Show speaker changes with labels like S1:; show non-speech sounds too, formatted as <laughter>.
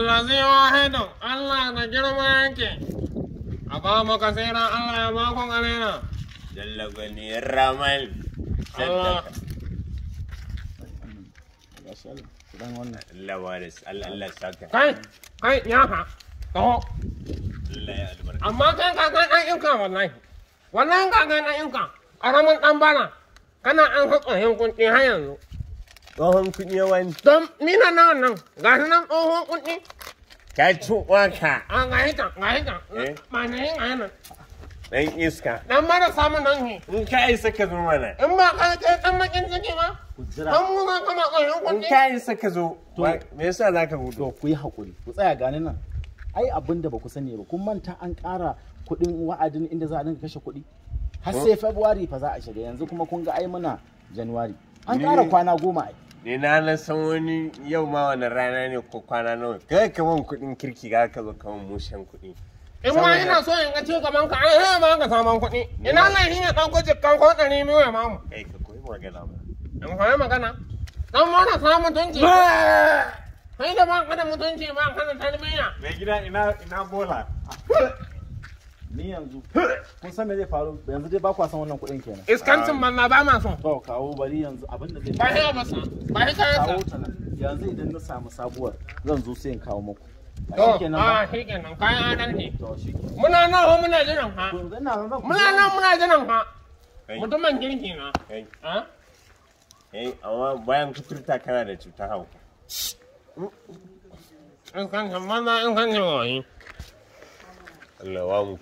S1: Allazi wahidu Allah na girma yake a ba mu kasiran Allah ya ba ku galena Allah Allah Allah Allah kai kai ya fa to amma kai ka kan an inka wallahi wannan ka kan an inka karamin dan bana kana an yankun ɗin har yanzu tsohon kuɗi yawan don mina nan nan ga shi nan tsohon kuɗi ka ci waka a ga hita ga hita eh? ma na yin a nan dan iska dan mara samun nan ne in ka yi saka zo mana in ba ka kai dan makin ciki ba an mu za ka ma tsohon kuɗi in ka yi saka zo to me yasa za ka hudu ku yi haƙuri ku tsaya gani nan ai abin da ba ku sani ba kun manta an ƙara kuɗin wa'adin inda za a dinga kashe kuɗi har hmm? sai february fa za a shiga yanzu kuma kun ga ai muna january an ƙara kwana goma ai ne na nan san wani yau ma wani rana ne ko kwana nawa kai ka ban kuɗin kirki ga ka zo kaman mushen kuɗi in ma ina so in ga ce gaban ka eh, eh, ai ma ka saman kuɗi ina nan shi ne kan ko kan ko ɗari biyu ya mamu kai ka koyi magana ba in koyi magana dan na samun tunji kai da ban ka da mutunci ba kana da tarbiyya mai gida ina ina bola <laughs> ni yanzu kun san me zai faru yanzu dai ba kwa san wannan kuɗin kenan iskancin manna ba ma son to kawo bari yanzu abin da zai ba shi masa ba shi kayan yanzu idan na samu sabuwar zan zo sai in kawo muku To, a shi kenan ah, kayan Muna nan ho muna jiran ha. Muna nan muna jiran ha. Mutumin kirki na. Eh, amma bayan kuturta kana da cutar hauka. In kan kan mana in kan yi. Allah wa mu